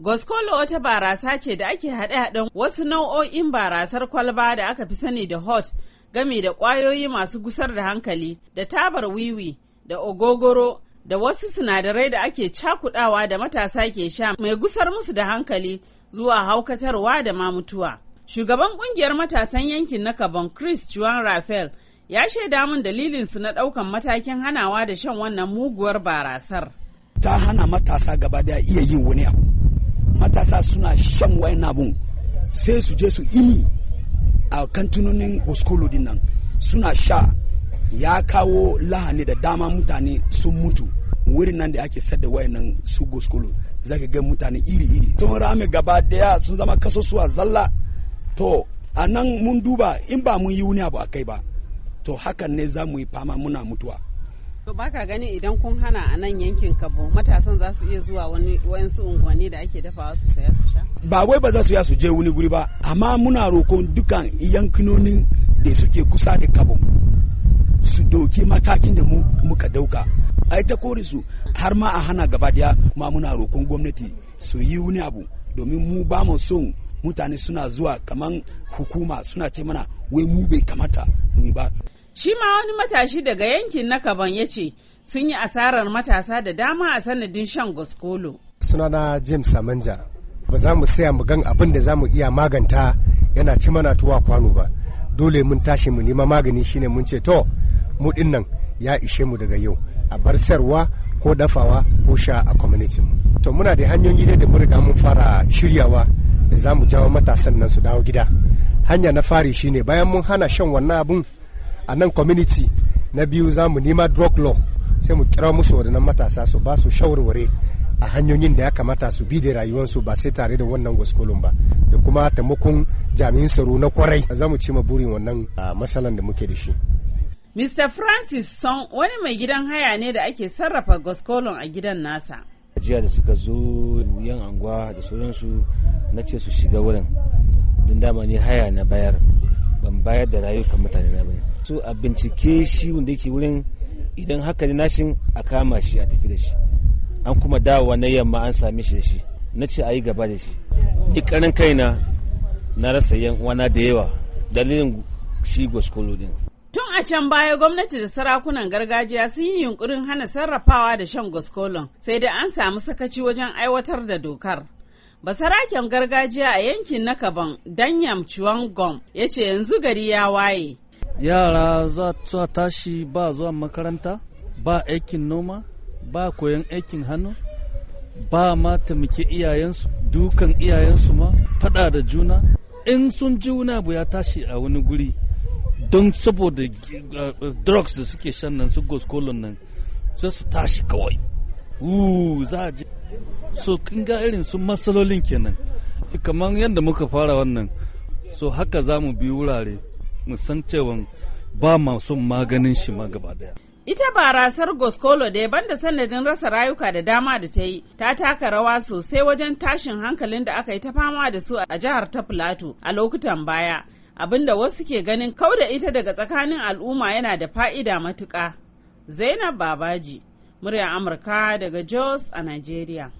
Goskolo wata barasa ce da ake haɗe-haɗen wasu nau'o'in barasar kwalba da aka fi sani da hot gami da ƙwayoyi masu gusar da hankali da tabar wiwi da ogogoro da wasu sinadarai da ake cakudawa da matasa ke sha mai gusar musu da hankali zuwa haukatarwa da ma mutuwa. Shugaban ƙungiyar matasan yankin na Kabon Chris Juan Rafael ya shaida min dalilin su na ɗaukan matakin hanawa da shan wannan muguwar barasar. Ta hana matasa gaba da iya yin wani abu. matasa suna shan wayan abun sai su je su imi a kantunonin goskolo din nan suna sha ya kawo lahani da dama mutane sun mutu wurin nan da ake sadda nan su goskolo zaka ga mutane iri-iri sun rame gaba daya sun zama kaso suwa zalla to a nan mun duba in ba mun yi wuni abu a kai ba to hakan ne za mu yi fama muna mutuwa To baka gani idan kun hana a nan yankin Kabo matasan za su iya zuwa wani wayansu unguwanni da ake dafawa su saya su sha? Ba wai ba za su ya su je wani guri ba, amma muna roƙon dukan yankinonin da suke kusa da Kabo su doki matakin da mu muka dauka. Ai ta kore su har ma a hana gaba daya ma muna rokon gwamnati su yi wani abu domin mu ba mu son mutane suna zuwa kaman hukuma suna ce mana wai mu bai kamata mu ba Shi ma wani matashi daga yankin na Kaban ya ce sun yi asarar matasa da dama a sanadin shan goskolo. na James Samanja ba za mu saya mu gan abin da za mu iya maganta yana ci mana tuwa kwano ba. Dole mun tashi mu nema magani shine mun ce to mu dinnan ya ishe mu daga yau a bar sarwa ko dafawa ko sha a mu. to muna da hanyoyi da mun riga mun fara shiryawa da za mu jawo matasan nan su dawo gida hanya na fari shine bayan mun hana shan wannan abun a nan community na biyu za mu nema drug law sai mu kira musu waɗannan matasa su ba su shawarware a hanyoyin da ya kamata su bi da rayuwarsu ba sai tare da wannan gwaskolon ba da kuma taimakon jami'in tsaro na kwarai za mu ci burin wannan matsalan da muke da shi. Mr. Francis Son wani mai gidan haya ne da ake sarrafa gwaskolon a gidan nasa. jiya da suka zo yan anguwa da sauransu na ce su shiga wurin don dama ni haya na bayar ban bayar da rayukan mutane na bane su a bincike shi wanda yake wurin idan haka ne nashin a kama shi a tafi da shi an kuma dawowa na yamma an sami shi da shi na ce a yi gaba da shi ikarin kaina na rasa yan uwana da yawa dalilin shi gwaskolo din tun a can baya gwamnati da sarakunan gargajiya sun yi yunkurin hana sarrafawa da shan gwaskolon sai da an samu sakaci wajen aiwatar da dokar basaraken gargajiya a yankin na kaban danyam chuangom ya ce yanzu gari ya waye yara za su tashi ba zuwa makaranta ba aikin noma ba koyon aikin hannu ba ma taimake iyayensu dukan iyayensu ma fada da juna in sun ji wuna bu ya tashi a wani guri don saboda eh, drugs da suke shan nan su goskolon nan sai su tashi kawai za a je so kin ga irin su matsalolin kenan kamar yadda muka fara wannan so haka za mu bi wurare mu san cewa ba masu maganin shi ma gaba daya Ita barasar Goskolo da da sanadin rasa rayuka da dama da ta yi, ta taka rawa sosai wajen tashin hankalin da aka yi ta fama da su a jihar ta Filato a lokutan baya, abinda wasu ke ganin kauda ita daga tsakanin al'umma yana da fa'ida matuka Zainab Babaji, murya Amurka daga Jos a Nigeria.